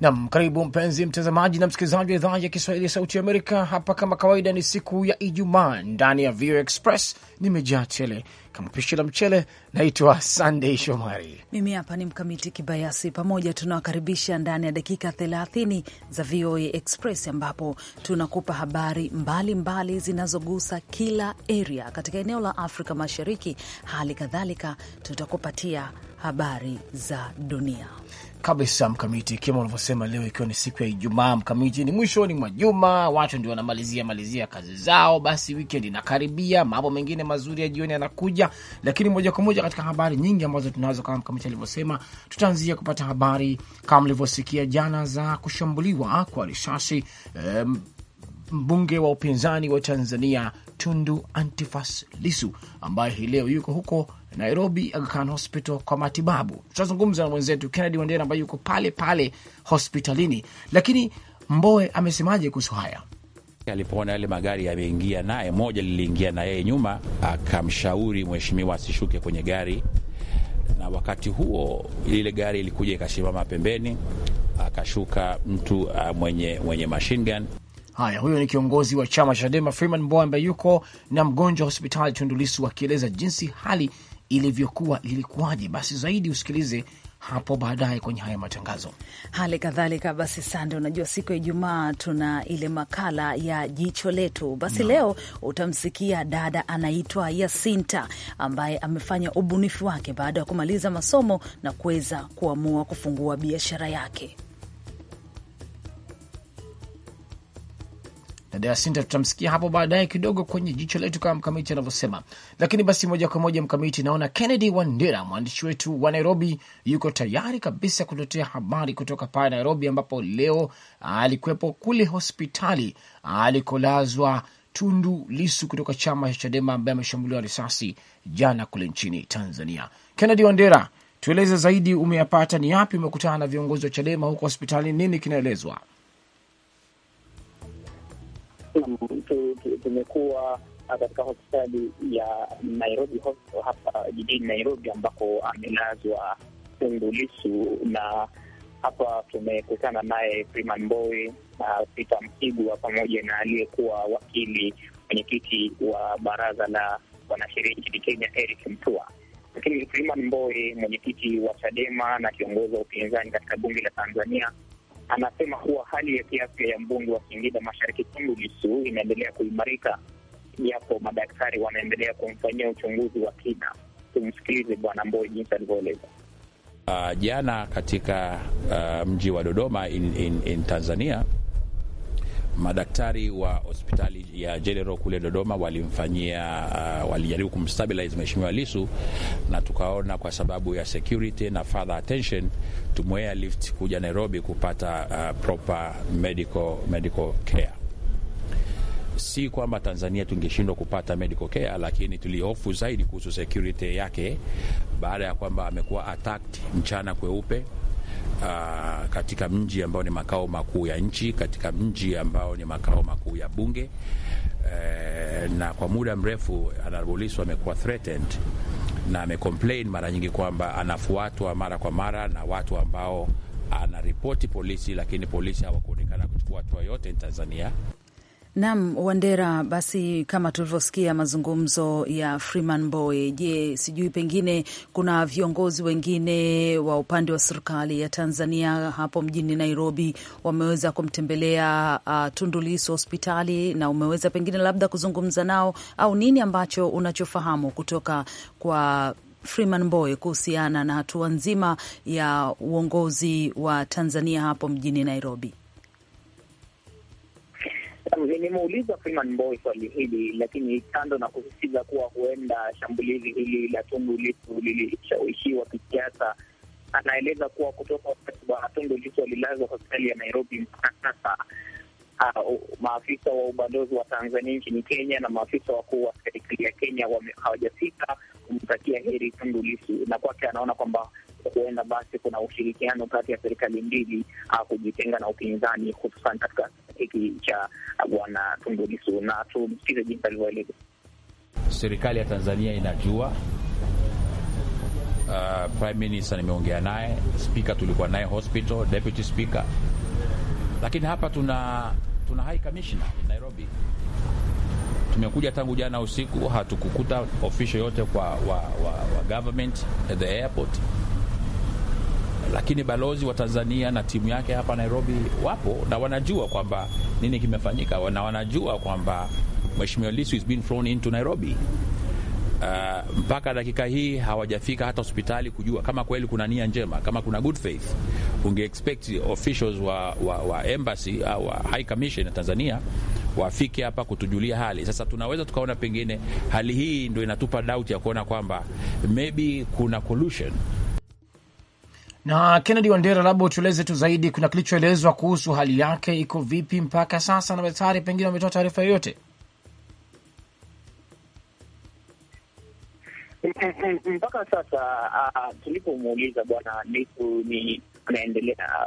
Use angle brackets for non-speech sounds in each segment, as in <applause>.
Nam, karibu mpenzi mtazamaji na msikilizaji wa idhaa ya Kiswahili ya Sauti Amerika. Hapa kama kawaida ni siku ya Ijumaa, ndani ya VOA Express nimejaa tele kama pishi la mchele. Naitwa sandey Shomari, mimi hapa ni Mkamiti Kibayasi. Pamoja tunawakaribisha ndani ya dakika 30 za VOA Express ambapo tunakupa habari mbalimbali zinazogusa kila area katika eneo la Afrika Mashariki. Hali kadhalika tutakupatia habari za dunia kabisa Mkamiti, kama unavyosema leo ikiwa ni siku ya Ijumaa, Mkamiti, ni mwishoni mwa juma, watu ndio wanamalizia malizia kazi zao, basi weekend inakaribia, mambo mengine mazuri ya jioni yanakuja. Lakini moja kwa moja katika habari nyingi ambazo tunazo, kama Mkamiti alivyosema, tutaanzia kupata habari kama mlivyosikia jana za kushambuliwa kwa risasi um, mbunge wa upinzani wa Tanzania Tundu Antifas Lisu ambaye hii leo yuko huko Nairobi Aga Khan Hospital kwa matibabu. Tutazungumza na mwenzetu Kennedy Wandera ambaye yuko pale pale hospitalini. Lakini Mboe amesemaje kuhusu haya? Alipoona yale magari yameingia naye, moja liliingia na yeye nyuma, akamshauri mheshimiwa asishuke kwenye gari, na wakati huo lile gari ilikuja ikasimama pembeni, akashuka mtu ah, mwenye, mwenye machine gun Haya, huyo ni kiongozi wa chama cha Chadema Freeman Mbowe ambaye yuko na mgonjwa hospitali Tundu Lissu akieleza jinsi hali ilivyokuwa ilikuwaje. Basi zaidi usikilize hapo baadaye kwenye haya matangazo. Hali kadhalika basi, Sande, unajua siku ya Ijumaa tuna ile makala ya jicho letu. Basi no. leo utamsikia dada anaitwa Yasinta ambaye amefanya ubunifu wake baada ya kumaliza masomo na kuweza kuamua kufungua biashara yake. Deasinta tutamsikia hapo baadaye kidogo kwenye jicho letu kama mkamiti anavyosema, lakini basi moja kwa moja mkamiti, naona Kennedy Wandera mwandishi wetu wa Nairobi yuko tayari kabisa kutetea habari kutoka pale Nairobi, ambapo leo alikuwepo kule hospitali alikolazwa Tundu Lisu kutoka chama cha Chadema ambaye ameshambuliwa risasi jana kule nchini Tanzania. Kennedy Wandera, tueleze zaidi, umeyapata ni yapi? Umekutana na viongozi wa Chadema huko hospitali, nini kinaelezwa? tumekuwa ah, katika hospitali ya Nairobi Hospital hapa jijini Nairobi, ambako amelazwa Tundu Lissu, na hapa tumekutana naye Freeman Mbowe na ah, Peter Msigwa pamoja na aliyekuwa wakili mwenyekiti wa baraza la wanasheria nchini Kenya Eric mtua Lakini Freeman Mbowe, mwenyekiti wa Chadema na kiongozi wa upinzani katika bunge la Tanzania, anasema kuwa hali ya kiafya ya mbunge wa Singida Mashariki Tundu Lissu inaendelea kuimarika japo madaktari wanaendelea kumfanyia uchunguzi wa kina. Tumsikilize Bwana Mboi jinsi alivyoeleza. Uh, jana katika uh, mji wa Dodoma in, in, in Tanzania Madaktari wa hospitali ya General kule Dodoma walimfanyia uh, walijaribu kumstabilize Mheshimiwa Lisu, na tukaona kwa sababu ya security na further attention tumwea lift kuja Nairobi kupata uh, proper medical, medical care. Si kwamba Tanzania tungeshindwa kupata medical care, lakini tulihofu zaidi kuhusu security yake baada ya kwamba amekuwa attacked mchana kweupe. Uh, katika mji ambao ni makao makuu ya nchi, katika mji ambao ni makao makuu ya bunge e, na kwa muda mrefu Honorable amekuwa threatened na amecomplain mara nyingi kwamba anafuatwa mara kwa mara na watu ambao anaripoti polisi, lakini polisi hawakuonekana kuchukua hatua yote Tanzania. Nam Wandera, basi kama tulivyosikia mazungumzo ya Freeman Mbowe, je, sijui pengine kuna viongozi wengine wa upande wa serikali ya Tanzania hapo mjini Nairobi wameweza kumtembelea uh, Tundu Lissu hospitali na umeweza pengine labda kuzungumza nao au nini ambacho unachofahamu kutoka kwa Freeman Mbowe kuhusiana na hatua nzima ya uongozi wa Tanzania hapo mjini Nairobi? Nimeuliza Freeman Mbowe swali hili, lakini kando na kusisitiza kuwa huenda shambulizi hili la Tundu Lissu lilishawishiwa kisiasa, anaeleza kuwa kutoka wakati Bwana Tundu Lissu alilazwa hospitali ya Nairobi mpaka sasa ah, maafisa wa ubalozi wa Tanzania nchini Kenya na maafisa wakuu wa serikali ya Kenya hawajafika kumtakia heri Tundu Lissu, na kwake anaona kwamba huenda basi kuna ushirikiano kati ya serikali mbili ah, kujitenga na upinzani hususan katika hiki cha bwana Tundu Lissu, na tumsikize jinsi alivyoeleza. Serikali ya Tanzania inajua Uh, prime minister nimeongea naye, speaker tulikuwa naye hospital, deputy speaker, lakini hapa tuna tuna high commissioner in Nairobi. Tumekuja tangu jana usiku, hatukukuta official yote kwa wa, wa, wa government at the airport lakini balozi wa Tanzania na timu yake hapa Nairobi wapo na wanajua kwamba nini kimefanyika na wanajua kwamba Mheshimiwa Lissu is being flown into Nairobi. Uh, mpaka dakika hii hawajafika hata hospitali kujua kama kweli kuna nia njema, kama kuna good faith. Unge expect officials wa, wa, wa embassy au uh, wa high commission ya Tanzania wafike hapa kutujulia hali. Sasa tunaweza tukaona pengine hali hii ndio inatupa doubt ya kuona kwamba maybe kuna collusion na Kennedy Wandera, labda utueleze tu zaidi, kuna kilichoelezwa kuhusu hali yake iko vipi mpaka sasa, na daktari pengine wametoa taarifa yoyote? Eh, eh, eh, mpaka sasa uh, tulipomuuliza bwana Lisu ni anaendelea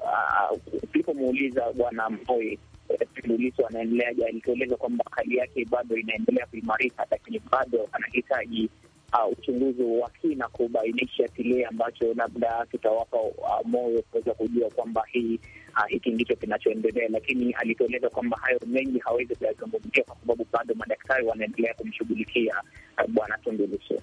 uh, tulipomuuliza bwana Mboe Tundu Lissu anaendeleaje, alitueleza kwamba hali yake bado inaendelea kuimarika, lakini bado anahitaji uh, uchunguzi wa kina kubainisha kile ambacho labda kitawapa uh, moyo kuweza kujua kwamba hii uh, hiki ndicho kinachoendelea, lakini alitueleza kwamba hayo mengi hawezi kuyazungumzia kwa sababu bado madaktari wanaendelea kumshughulikia uh, Bwana Tundu Lissu.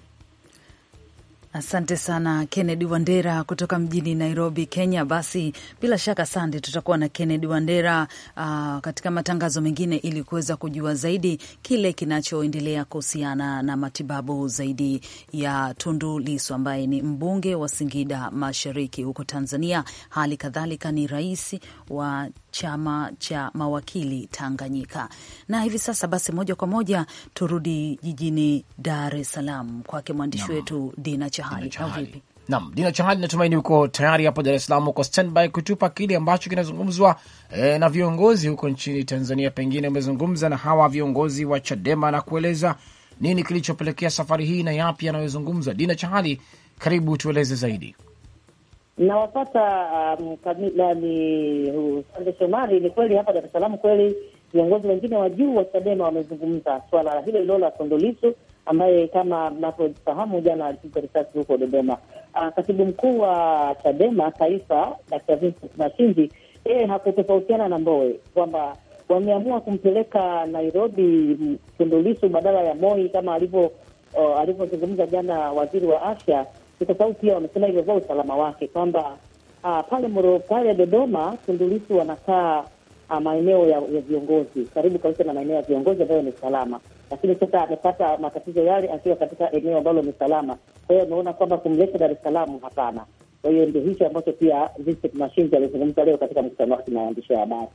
Asante sana Kennedy Wandera kutoka mjini Nairobi, Kenya. Basi bila shaka sande, tutakuwa na Kennedy Wandera uh, katika matangazo mengine ili kuweza kujua zaidi kile kinachoendelea kuhusiana na matibabu zaidi ya Tundu Lissu ambaye ni mbunge wa Singida Mashariki huko Tanzania, hali kadhalika ni rais wa chama cha mawakili Tanganyika. Na hivi sasa basi, moja kwa moja turudi jijini Dar es Salaam kwake mwandishi wetu Dina Chahali. Au vipi? Naam, Dina Chahali, natumaini uko tayari hapo Dar es Salaam, uko standby kutupa kile ambacho kinazungumzwa e, na viongozi huko nchini Tanzania. Pengine umezungumza na hawa viongozi wa Chadema na kueleza nini kilichopelekea safari hii na yapi yanayozungumzwa. Dina Chahali, karibu tueleze zaidi. Nawapata um, kabila ni Sande Shomari. Ni kweli hapa Dar es Salaam kweli viongozi wengine wa juu wa Chadema wamezungumza swala la hilo hilo la Tundu Lissu ambaye kama mnavyofahamu jana alipigwa risasi huko Dodoma. Uh, katibu mkuu wa Chadema Taifa Dr. Vincent Mashinji yeye hakutofautiana na Mbowe kwamba wameamua kumpeleka Nairobi mm, Tundu Lissu badala ya Moi kama alivyozungumza uh, oh, alivyozungumza jana waziri wa afya kwa sababu pia wamesema ilivyokuwa usalama wake kwamba uh, pale moro pale Dodoma Tundulisu wanakaa uh, maeneo ya, ya viongozi karibu kabisa na maeneo ya viongozi ambayo ni salama, lakini sasa amepata matatizo yale akiwa katika eneo ambalo ni salama. Kwa hiyo ameona kwamba kumleta Dar es Salaam hapana. Kwa hiyo ndio hicho ambacho pia Vincent Mashinji alizungumza leo katika mkutano wake na waandishi wa habari.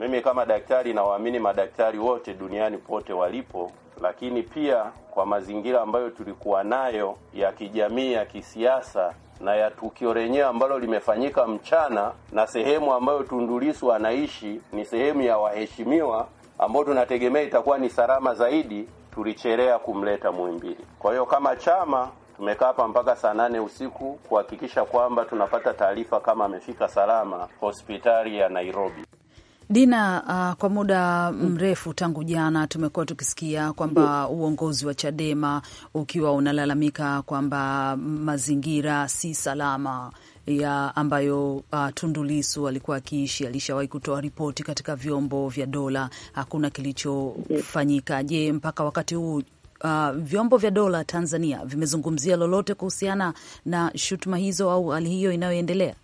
Mimi kama daktari nawaamini madaktari wote duniani pote walipo lakini pia kwa mazingira ambayo tulikuwa nayo ya kijamii, ya kisiasa na ya tukio lenyewe ambalo limefanyika mchana, na sehemu ambayo Tundu Lissu anaishi ni sehemu ya waheshimiwa ambayo tunategemea itakuwa ni salama zaidi, tulichelea kumleta Muhimbili. Kwa hiyo kama chama tumekaa hapa mpaka saa nane usiku kuhakikisha kwamba tunapata taarifa kama amefika salama hospitali ya Nairobi. Dina, uh, kwa muda mrefu tangu jana tumekuwa tukisikia kwamba uongozi wa Chadema ukiwa unalalamika kwamba mazingira si salama ya ambayo uh, Tundu Lissu alikuwa akiishi. Alishawahi kutoa ripoti katika vyombo vya dola, hakuna kilichofanyika. Je, mpaka wakati huu uh, vyombo vya dola Tanzania vimezungumzia lolote kuhusiana na shutuma hizo au hali hiyo inayoendelea?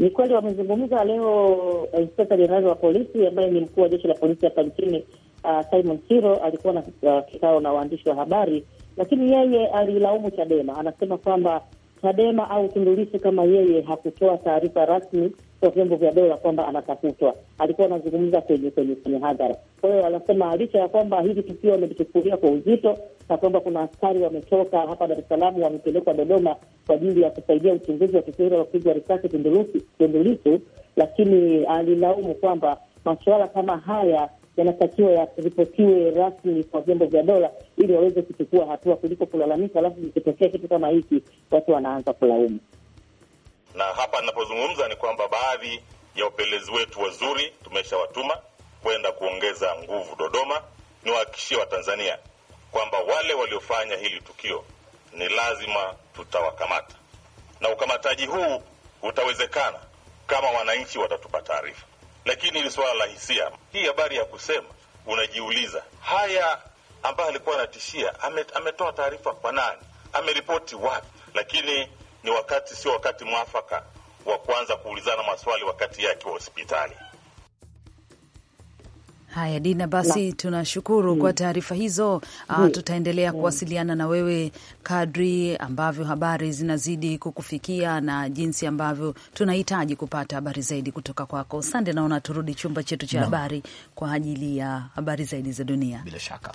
Ni kweli wamezungumza leo uh, inspekta jenerali wa polisi ambaye ni mkuu wa jeshi la polisi hapa nchini uh, Simon Siro alikuwa na uh, kikao na waandishi wa habari, lakini yeye alilaumu Chadema, anasema kwamba Chadema au tundulisi kama yeye hakutoa taarifa rasmi kwa vyombo vya dola kwamba anatafutwa. Alikuwa anazungumza kwenye kwenye kwenye hadhara. Kwa hiyo anasema licha ya kwamba hili tukio amelichukulia kwa uzito, na kwamba kuna askari wametoka hapa Dar es Salaam wamepelekwa Dodoma kwa ajili ya kusaidia uchunguzi wa tukio la kupigwa risasi Tundu Lissu, lakini alilaumu kwamba masuala kama haya yanatakiwa yaripotiwe rasmi kwa vyombo vya dola ili waweze kuchukua hatua kuliko kulalamika, alafu ikitokea kitu kama hiki watu wanaanza kulaumu. Na hapa ninapozungumza ni kwamba baadhi ya upelelezi wetu wazuri tumeshawatuma kwenda kuongeza nguvu Dodoma. Niwahakikishie Watanzania kwamba wale waliofanya hili tukio ni lazima tutawakamata, na ukamataji huu utawezekana kama wananchi watatupa taarifa. Lakini hili suala la hisia, hii habari ya kusema, unajiuliza haya ambayo alikuwa anatishia, ametoa taarifa kwa nani? Ameripoti wapi? Lakini ni wakati, sio wakati mwafaka wa kuanza kuulizana maswali wakati yake wa hospitali. Haya, Dina, basi na tunashukuru kwa mm. taarifa hizo Uh, tutaendelea kuwasiliana na wewe kadri ambavyo habari zinazidi kukufikia na jinsi ambavyo tunahitaji kupata habari zaidi kutoka kwako. Sande, naona turudi chumba chetu cha habari kwa ajili ya habari zaidi za dunia bila shaka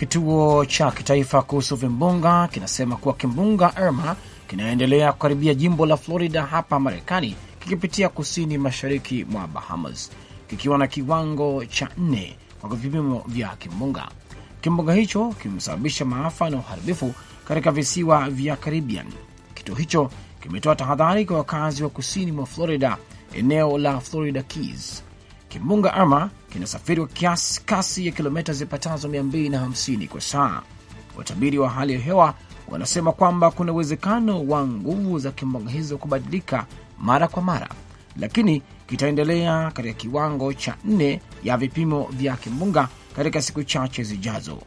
Kituo cha kitaifa kuhusu vimbunga kinasema kuwa kimbunga Irma kinaendelea kukaribia jimbo la Florida hapa Marekani, kikipitia kusini mashariki mwa Bahamas kikiwa na kiwango cha nne kwa vipimo vya kimbunga. Kimbunga hicho kimesababisha maafa na uharibifu katika visiwa vya Caribbean. Kituo hicho kimetoa tahadhari kwa wakazi wa kusini mwa Florida, eneo la Florida Keys Kimbunga Ama kinasafiri kwa kiasi kasi ya kilomita zipatazo 250 kwa saa. Watabiri wa hali ya hewa wanasema kwamba kuna uwezekano wa nguvu za kimbunga hizo kubadilika mara kwa mara, lakini kitaendelea katika kiwango cha nne ya vipimo vya kimbunga katika siku chache zijazo.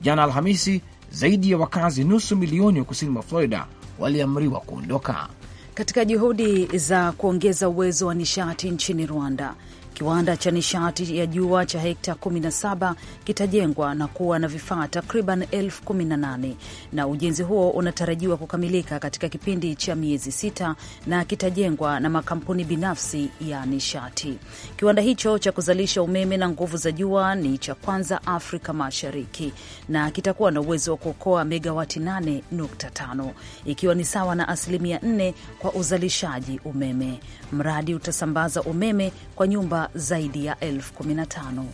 Jana Alhamisi, zaidi ya wakazi nusu milioni wa kusini mwa Florida waliamriwa kuondoka. Katika juhudi za kuongeza uwezo wa nishati nchini Rwanda, Kiwanda cha nishati ya jua cha hekta 17 kitajengwa na kuwa na vifaa takriban elfu 18 na ujenzi huo unatarajiwa kukamilika katika kipindi cha miezi sita na kitajengwa na makampuni binafsi ya nishati. Kiwanda hicho cha kuzalisha umeme na nguvu za jua ni cha kwanza Afrika Mashariki na kitakuwa na uwezo wa kuokoa megawati 8.5 ikiwa ni sawa na asilimia 4 kwa uzalishaji umeme. Mradi utasambaza umeme kwa nyumba zaidi ya elfu 15.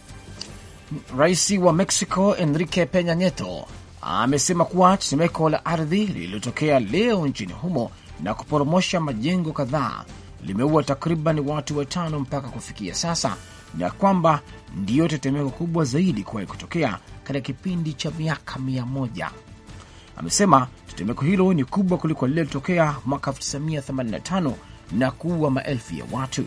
Rais wa Mexico Enrique Peña Nieto amesema kuwa tetemeko la ardhi lililotokea leo nchini humo na kuporomosha majengo kadhaa limeua takriban watu watano mpaka kufikia sasa na kwamba ndiyo tetemeko kubwa zaidi kuwahi kutokea katika kipindi cha miaka mia moja. Amesema tetemeko hilo ni kubwa kuliko lililotokea mwaka 1985 na kuua maelfu ya watu.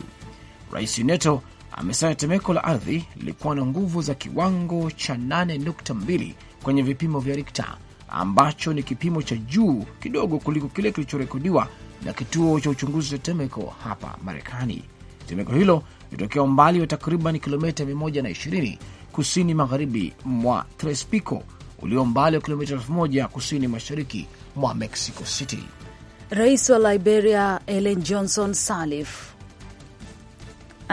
Rais Neto amesema tetemeko la ardhi lilikuwa na nguvu za kiwango cha 8.2 kwenye vipimo vya Rikta, ambacho ni kipimo cha juu kidogo kuliko kile kilichorekodiwa na kituo cha uchunguzi wa tetemeko hapa Marekani. Tetemeko hilo lilitokea umbali wa takriban kilomita 120 kusini magharibi mwa Trespico, ulio umbali wa kilomita 1000 kusini mashariki mwa Mexico City. Rais wa Liberia Ellen Johnson Sirleaf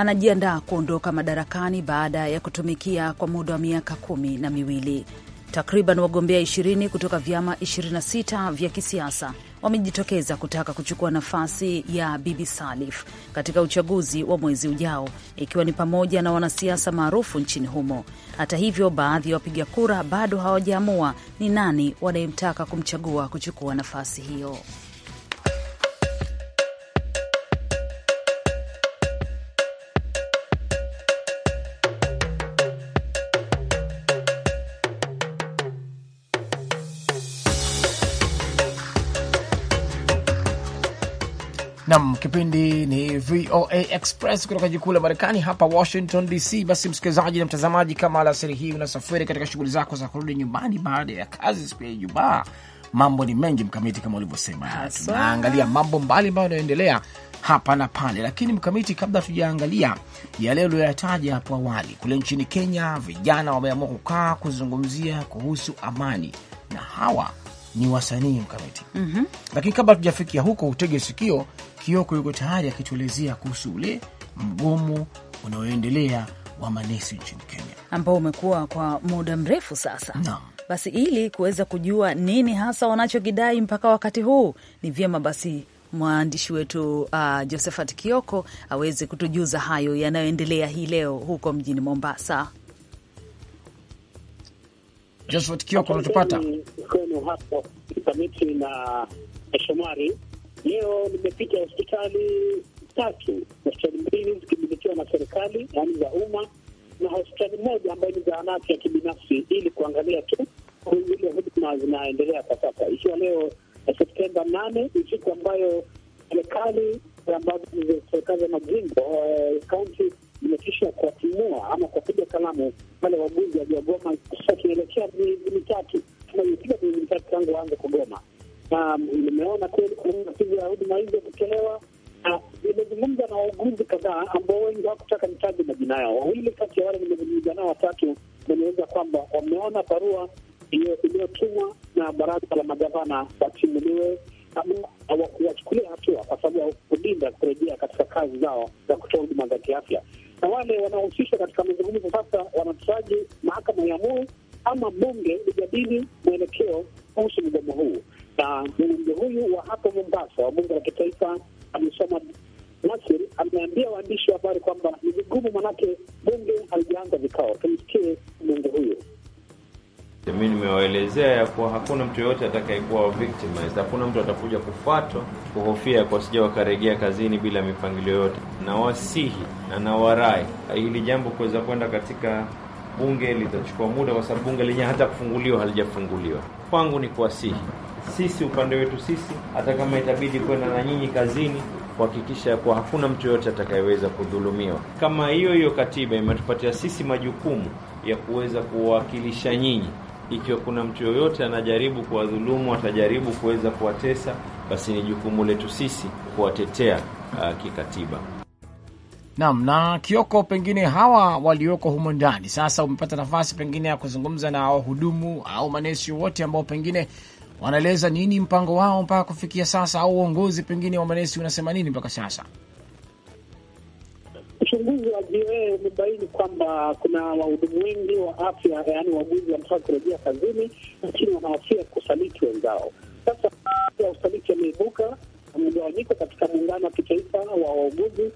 anajiandaa kuondoka madarakani baada ya kutumikia kwa muda wa miaka kumi na miwili. Takriban wagombea 20 kutoka vyama 26 vya kisiasa wamejitokeza kutaka kuchukua nafasi ya Bibi Salif katika uchaguzi wa mwezi ujao, ikiwa ni pamoja na wanasiasa maarufu nchini humo. Hata hivyo, baadhi ya wapiga kura bado hawajaamua ni nani wanayemtaka kumchagua kuchukua nafasi hiyo. Nam, kipindi ni VOA Express kutoka jikuu la Marekani hapa Washington DC. Basi msikilizaji na mtazamaji, kama alasiri hii unasafiri katika shughuli zako za kurudi nyumbani baada ya kazi siku ya Ijumaa, mambo ni mengi Mkamiti, kama ulivyosema, tunaangalia mambo mbalimbali yanayoendelea hapa na pale. Lakini Mkamiti, kabla tujaangalia yale uliyoyataja hapo awali, kule nchini Kenya vijana wameamua kukaa kuzungumzia kuhusu amani, na hawa ni wasanii Mkamiti. mm -hmm. Lakini kabla tujafikia huko, utege sikio Kioko yuko tayari akituelezea kuhusu ule mgomo unaoendelea wa manesi nchini Kenya ambao umekuwa kwa muda mrefu sasa na. Basi ili kuweza kujua nini hasa wanachokidai mpaka wakati huu, ni vyema basi mwandishi wetu uh, Josephat Kioko aweze kutujuza hayo yanayoendelea hii leo huko mjini Mombasa. Josephat Kioko, unatupata? hapo na Shomari Leo nimefika hospitali tatu, hospitali mbili zikimilikiwa na serikali, yaani za umma, na hospitali moja ambayo ni zahanati ya kibinafsi, ili kuangalia tu zile huduma zinaendelea kwa sasa, ikiwa leo Septemba nane ni siku ambayo serikali ambazo ni serikali za majimbo eh, kaunti zimetishwa kuwatimua ama kuwapiga kalamu wale wauguzi waliogoma. Sasa tunaelekea miezi mitatu, tunaipiga miezi mitatu tangu waanze kugoma nimeona kweli kuunga piga huduma hizi kuchelewa. Nimezungumza na wauguzi kadhaa ambao wengi hawakutaka nitaje majina yao. Wawili kati ya wale nimezungumza nao watatu wamenieleza kwamba wameona barua iliyotumwa na baraza la magavana watimuliwe wachukulia hatua kwa sababu ya kulinda kurejea katika kazi zao za kutoa huduma za kiafya. Na wale wanaohusishwa katika mazungumzo sasa wanataraji mahakama ya amue ama bunge lijadili mwelekeo kuhusu mgomo huu na mbunge huyu wa hapo Mombasa wa bunge la kitaifa amesoma Nasir ameambia waandishi wa habari kwamba ni vigumu, manake bunge halijaanza vikao. Tumsikie mbunge huyu. Mi nimewaelezea ya kuwa hakuna mtu yoyote atakayekuwa victimized, hakuna mtu atakuja kufatwa kuhofia kwa sija wakaregea kazini bila mipangilio yote Nawasihi na nawarai hili jambo kuweza kwenda katika bunge litachukua muda, kwa sababu bunge lenyewe hata kufunguliwa halijafunguliwa. Kwangu ni kuwasihi sisi upande wetu sisi, hata kama itabidi kwenda na nyinyi kazini kuhakikisha kuwa hakuna mtu yoyote atakayeweza kudhulumiwa. Kama hiyo hiyo katiba imetupatia sisi majukumu ya kuweza kuwawakilisha nyinyi. Ikiwa kuna mtu yoyote anajaribu kuwadhulumu, atajaribu kuweza kuwatesa, basi ni jukumu letu sisi kuwatetea uh, kikatiba. Naam. Na Kioko, pengine hawa walioko humo ndani sasa, umepata nafasi pengine ya kuzungumza na wahudumu au manesi wote ambao pengine wanaeleza nini mpango wao mpaka kufikia sasa, au uongozi pengine wa manesi unasema nini mpaka sasa? Uchunguzi wa VOA umebaini kwamba kuna wahudumu wengi wa afya, yaani wauguzi, wanataka kurejea kazini, lakini wanahofia kusaliti wenzao. Sasa ya usaliti yameibuka mgawanyiko katika muungano wa kitaifa wa wauguzi,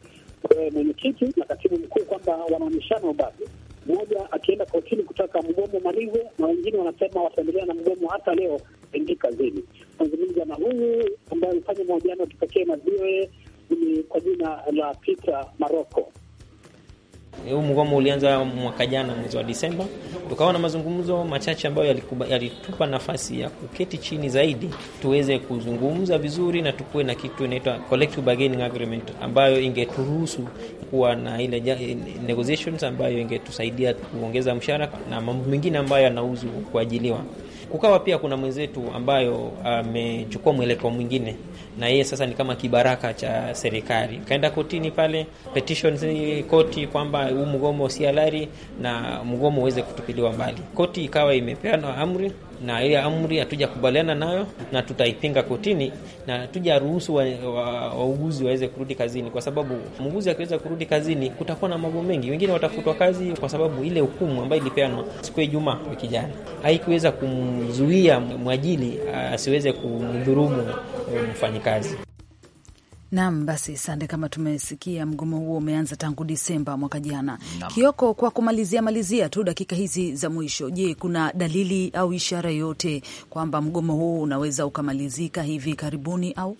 eh, mwenyekiti na katibu mkuu, kwamba wanaonyeshana ubabe, mmoja akienda kotini kutaka mgomo malivo na wengine wanasema wataendelea na mgomo hata leo kuingia kazini. Nazungumza na huyu ambaye alifanya mahojiano kipekee na VOA kwa jina la Peter Maroko. Huu mgomo ulianza mwaka jana mwezi wa Disemba, tukawa na mazungumzo machache ambayo yalitupa nafasi ya kuketi chini zaidi, tuweze kuzungumza vizuri na tukuwe na kitu inaitwa collective bargaining agreement ambayo ingeturuhusu kuwa na ile negotiations ambayo ingetusaidia kuongeza mshahara na mambo mengine ambayo yanauzu kuajiliwa kukawa pia kuna mwenzetu ambayo ah, amechukua mwelekeo mwingine, na yeye sasa ni kama kibaraka cha serikali, kaenda kotini pale petitions koti kwamba huu mgomo si halali na mgomo uweze kutupiliwa mbali. Koti ikawa imepeana amri na ile amri hatujakubaliana nayo na tutaipinga kotini, na hatujaruhusu wauguzi wa, wa waweze kurudi kazini, kwa sababu muuguzi akiweza kurudi kazini kutakuwa na mambo mengi. Wengine watafutwa kazi kwa sababu ile hukumu ambayo ilipeanwa siku ya Ijumaa wiki jana haikuweza kumzuia mwajili asiweze kumdhurumu eh, mfanyikazi. Naam, basi Sande, kama tumesikia mgomo huo umeanza tangu Disemba mwaka jana. Kioko, kwa kumalizia malizia tu dakika hizi za mwisho, je, kuna dalili au ishara yote kwamba mgomo huu unaweza ukamalizika hivi karibuni au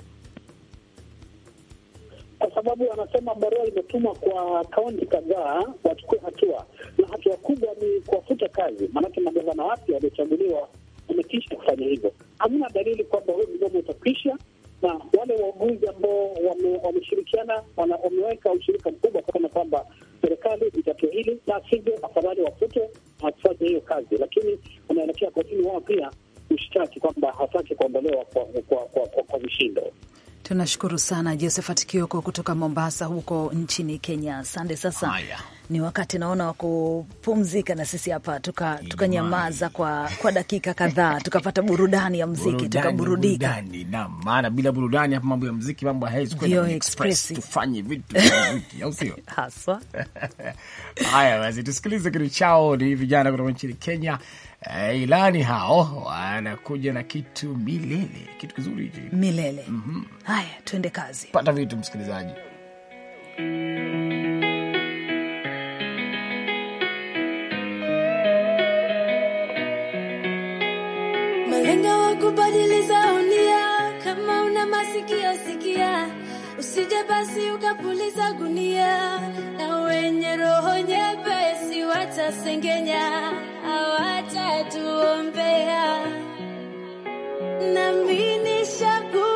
kwa sababu wanasema barua imetumwa kwa kaunti kadhaa wachukue hatua, na hatua kubwa ni kuwafuta kazi, maanake magavana wapya waliochaguliwa wametisha kufanya hivyo. Hamna dalili kwamba huu mgomo utakwisha, na wale wauguzi ambao wameshirikiana wameweka ushirika mkubwa kuona kwamba serikali itatua hili, na sivyo afadhali wafute wakifanya hiyo kazi, lakini wanaelekea kotini wao pia kushtaki kwamba hataki kuondolewa kwa vishindo. Tunashukuru sana Josephat Kioko kutoka Mombasa huko nchini Kenya. Asante. Sasa Haya. Ni wakati naona wa kupumzika na sisi hapa tukanyamaza tuka kwa, kwa dakika kadhaa <laughs> tukapata burudani ya mziki tukaburudika. maana bila burudani hapa mambo ya mziki mambo haiwezi kwenda express, tufanye vitu <laughs> mziki au sio? <laughs> Haswa. Haya basi tusikilize kitu chao, ni vijana kutoka nchini Kenya uh, ilani hao wanakuja na kitu milele, kitu kizuri hichi milele. mm -hmm. Haya, tuende kazi, pata vitu msikilizaji. Malenga wa kubadiliza unia, kama una masikio sikia usije basi ukapuliza gunia, na wenye roho nyepesi watasengenya, hawatatuombea mimi nishaku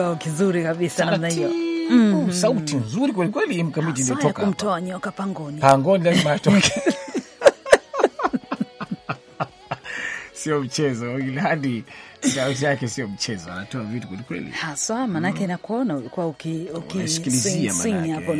kibao kizuri kabisa namna hiyo. Mm -hmm. Sauti nzuri kweli kweli, mkamiti ah, iliotoka kumtoa nyoka pangoni, pangoni lazima atoke <laughs> sio mchezo ilhadi sauti yake sio mchezo, anatoa vitu kweli kweli haswa mm. manake, nakuona ulikuwa ukisinya hapo,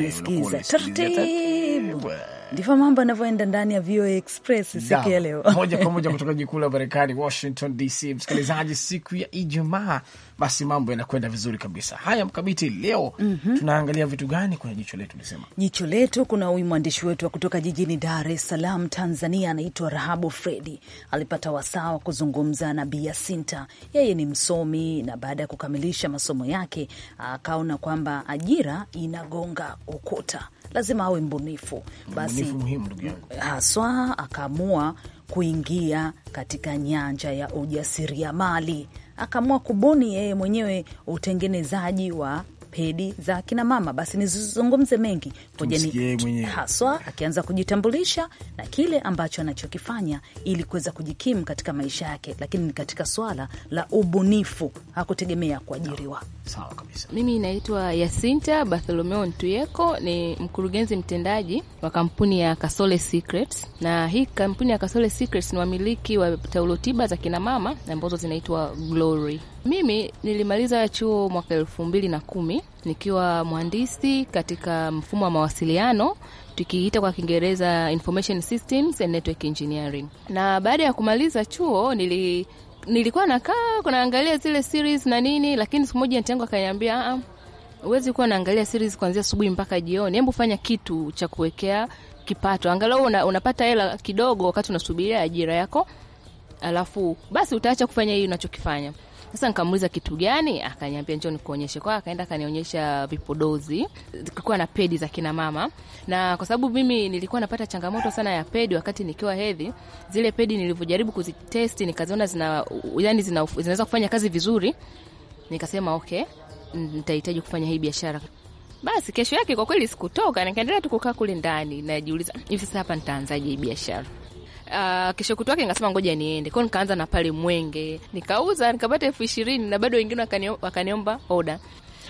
taratibu Ndivyo mambo yanavyoenda ndani ya VOA Express siku ya leo <laughs> moja kwa moja <laughs> kutoka jikuu la Marekani, Washington DC. Msikilizaji, siku ya Ijumaa, basi mambo yanakwenda vizuri kabisa. Haya, Mkabiti, leo mm -hmm. tunaangalia vitu gani kwenye jicho letu? Lisema jicho letu, kuna huyu mwandishi wetu wa kutoka jijini Dar es Salaam, Tanzania, anaitwa Rahabu Fredi. Alipata wasaa wa kuzungumza na Bia Sinta. Yeye ni msomi na baada ya kukamilisha masomo yake akaona kwamba ajira inagonga ukuta, lazima awe mbunifu basi ubunifu muhimu ndugu yangu, haswa akaamua kuingia katika nyanja ya ujasiriamali, akaamua kubuni yeye mwenyewe utengenezaji wa pedi za akina mama, basi nizizungumze mengi ni haswa akianza kujitambulisha na kile ambacho anachokifanya ili kuweza kujikimu katika maisha yake, lakini ni katika swala la ubunifu, hakutegemea kuajiriwa. Sawa kabisa. Mimi naitwa Yasinta Bartholomeo Ntuyeko, ni mkurugenzi mtendaji wa kampuni ya Kasole Secrets, na hii kampuni ya Kasole Secrets ni wamiliki wa taulo tiba za kinamama ambazo zinaitwa Glory mimi nilimaliza chuo mwaka elfu mbili na kumi nikiwa mhandisi katika mfumo wa mawasiliano tukiita kwa Kiingereza information systems and network engineering. Na baada ya kumaliza chuo nili, nilikuwa nakaa kunaangalia zile series na nini, lakini siku moja ntangu akaniambia ah, huwezi kuwa naangalia series kuanzia asubuhi mpaka jioni. Hebu fanya kitu cha kuwekea kipato, angalau una, unapata hela kidogo wakati unasubiria ajira yako, alafu basi utaacha kufanya hii unachokifanya. Sasa nikamuuliza kitu gani, akaniambia njoo nikuonyeshe. Kwa akaenda akanionyesha vipodozi, kulikuwa na pedi za kina mama, na kwa sababu mimi nilikuwa napata changamoto sana ya pedi wakati nikiwa hedhi, zile pedi nilivyojaribu kuzitesti nikaziona zina, yani zina, zinaweza kufanya kazi vizuri, nikasema okay, nitahitaji kufanya hii biashara. Basi kesho yake kwa kweli sikutoka, nikaendelea tu kukaa kule ndani, najiuliza hivi sasa hapa nitaanzaje hii biashara. Uh, kesho kutu wake nikasema ngoja niende kwao, nikaanza na pale Mwenge nikauza nikapata elfu ishirini na bado wengine wakaniomba oda.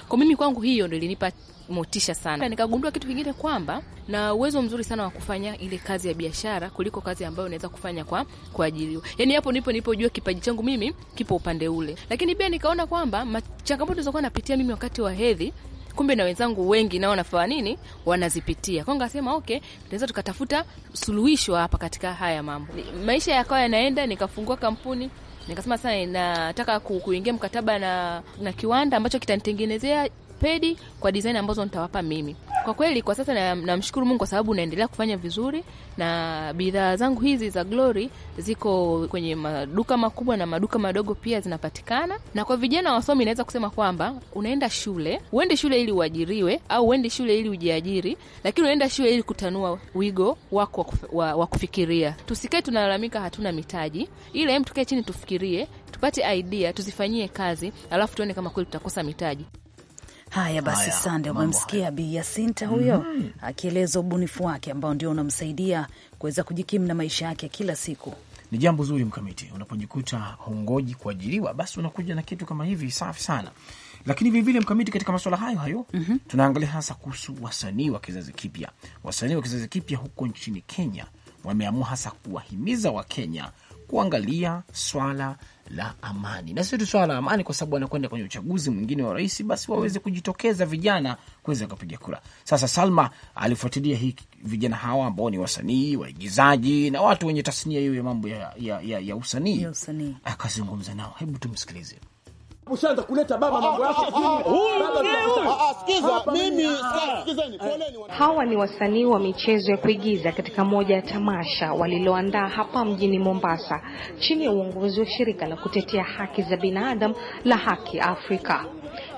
Kwa mimi kwangu hiyo ndo ilinipa motisha sana. Nikagundua kitu kingine kwamba na uwezo mzuri sana wa kufanya ile kazi ya biashara kuliko kazi ambayo unaweza kufanya kwa kuajiriwa. Yani hapo nipo nilipojua kipaji changu mimi kipo upande ule. Lakini pia nikaona kwamba changamoto zilizokuwa napitia mimi wakati wa hedhi kumbe na wenzangu wengi nao nafaa nini wanazipitia. Kwa ngasema okay, tunaweza tukatafuta suluhisho hapa katika haya mambo. Maisha yakawa yanaenda, nikafungua kampuni nikasema sasa nataka kuingia mkataba na, na kiwanda ambacho kitanitengenezea pedi kwa design ambazo nitawapa mimi. Kwa kweli kwa sasa namshukuru na Mungu kwa sababu naendelea kufanya vizuri na bidhaa zangu hizi za Glory ziko kwenye maduka makubwa na maduka madogo pia zinapatikana. Na kwa vijana wasomi naweza kusema kwamba unaenda shule, uende shule ili uajiriwe au uende shule ili ujiajiri, lakini unaenda shule ili kutanua wigo wako wa kufikiria. Tusikae tunalalamika hatuna mitaji. ila hem tukae chini tufikirie, tupate idea, tuzifanyie kazi, alafu tuone kama kweli tutakosa mitaji. Haya basi, Sande, umemsikia Bi Yasinta huyo mm -hmm. akieleza ubunifu wake ambao ndio unamsaidia kuweza kujikimu na maisha yake kila siku. Ni jambo zuri mkamiti, unapojikuta hongoji kuajiriwa, basi unakuja na kitu kama hivi, safi sana. Lakini vilevile mkamiti, katika masuala hayo hayo mm -hmm. tunaangalia hasa kuhusu wasanii wa kizazi kipya. Wasanii wa kizazi kipya huko nchini Kenya wameamua hasa kuwahimiza Wakenya kuangalia swala la amani, na sio tu swala la amani, kwa sababu wanakwenda kwenye uchaguzi mwingine wa rais, basi waweze kujitokeza vijana kuweza kupiga kura. Sasa Salma alifuatilia hii vijana hawa ambao ni wasanii, waigizaji na watu wenye tasnia hiyo ya mambo ya, ya, ya, ya usanii, usanii. Akazungumza nao, hebu tumsikilize ushaanza kuleta baba ah, mambo yako. Hawa ni wasanii wa michezo ya kuigiza katika moja ya tamasha waliloandaa hapa mjini Mombasa chini ya uongozi wa shirika la kutetea haki za binadamu la Haki Afrika.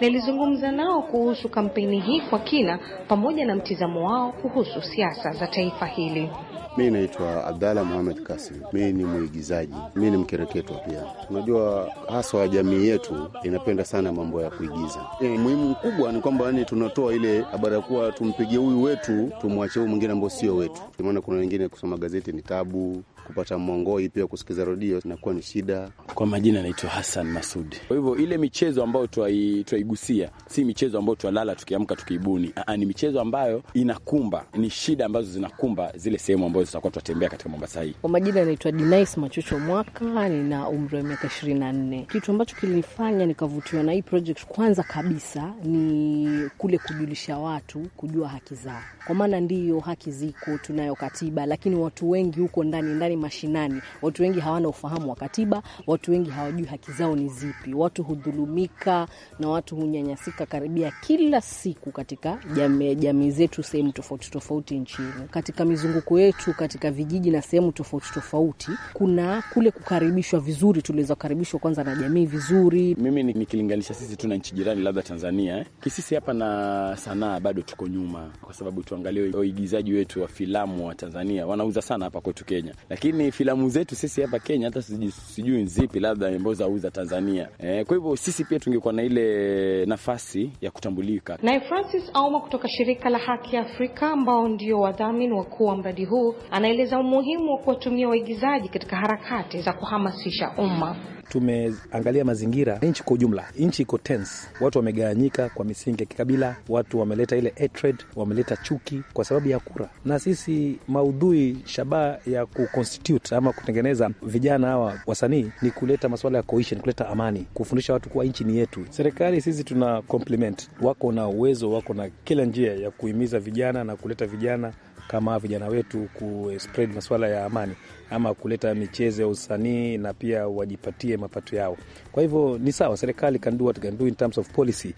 Nilizungumza nao kuhusu kampeni hii kwa kina pamoja na mtizamo wao kuhusu siasa za taifa hili. Mi naitwa Abdalla Muhamed Kasim, mi ni mwigizaji, mi ni mkereketwa pia. Unajua, haswa jamii yetu inapenda sana mambo ya kuigiza. E, muhimu mkubwa ni kwamba yani tunatoa ile habari ya kuwa tumpige huyu wetu, tumwache huyu mwingine ambao sio wetu, maana kuna wengine kusoma gazeti ni tabu kupata mwongoi pia kusikiza redio inakuwa ni shida. Kwa majina naitwa Hassan Masudi. Kwa hivyo ile michezo ambayo twaigusia si michezo ambayo twalala tukiamka tukiibuni, ah, ah, ni michezo ambayo inakumba, ni shida ambazo zinakumba zile sehemu ambazo zitakuwa twatembea katika Mombasa hii. Kwa majina naitwa Dinais Machocho Mwaka, nina umri wa miaka ishirini na nne. Kitu ambacho kilinifanya nikavutiwa na hii project kwanza kabisa ni kule kujulisha watu kujua haki zao, kwa maana ndiyo haki ziko, tunayo katiba, lakini watu wengi huko ndani ndani mashinani. Watu wengi hawana ufahamu wa katiba, watu wengi hawajui haki zao ni zipi, watu hudhulumika na watu hunyanyasika karibia kila siku katika jamii jami zetu sehemu tofauti tofauti nchini, katika mizunguko yetu, katika vijiji na sehemu tofauti tofauti. Kuna kule kukaribishwa vizuri, tuliweza kukaribishwa kwanza na jamii vizuri. Mimi nikilinganisha sisi tu na nchi jirani labda Tanzania eh, kisisi hapa na sanaa bado tuko nyuma, kwa sababu tuangalie waigizaji wetu wa filamu wa Tanzania wanauza sana hapa kwetu Kenya, lakini lakini filamu zetu sisi hapa Kenya hata sijui zipi, labda ambazo zauza Tanzania eh, kwa hivyo sisi pia tungekuwa na ile nafasi ya kutambulika. Naye Francis Auma kutoka shirika la Haki Afrika ambao ndio wadhamini wakuu wa mradi huu anaeleza umuhimu wa kuwatumia waigizaji katika harakati za kuhamasisha umma. Tumeangalia mazingira nchi kwa ujumla, nchi iko tense, watu wamegawanyika kwa misingi ya kikabila, watu wameleta ile hatred, wameleta chuki kwa sababu ya kura, na sisi maudhui shabaha ya ku kuconstitute ama kutengeneza vijana hawa wasanii ni kuleta masuala ya cohesion, kuleta amani, kufundisha watu kuwa nchi ni yetu. Serikali sisi tuna compliment, wako na uwezo, wako na kila njia ya kuhimiza vijana na kuleta vijana kama vijana wetu kuspread masuala ya amani ama kuleta michezo ya usanii na pia wajipatie mapato yao. Kwa hivyo ni sawa, serikali can do what can do in terms of policy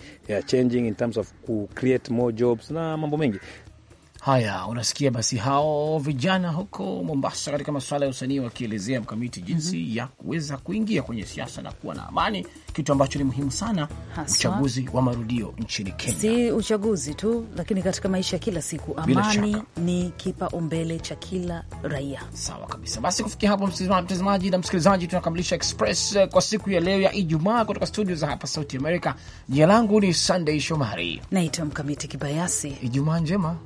changing in terms of create more jobs na mambo mengi, Haya, unasikia basi hao vijana huko Mombasa katika masuala ya usanii wakielezea mkamiti jinsi mm -hmm. ya kuweza kuingia kwenye siasa na kuwa na amani, kitu ambacho ni muhimu sana Haswa. uchaguzi wa marudio nchini Kenya si uchaguzi tu, lakini katika maisha ya kila siku amani ni kipaumbele cha kila raia. Sawa kabisa. Basi kufikia hapo, mtazamaji na msikilizaji, tunakamilisha Express eh, kwa siku ya leo ya Ijumaa kutoka studio za hapa Sauti Amerika. Jina langu ni sandey Shomari, naitwa Mkamiti Kibayasi. Ijumaa njema.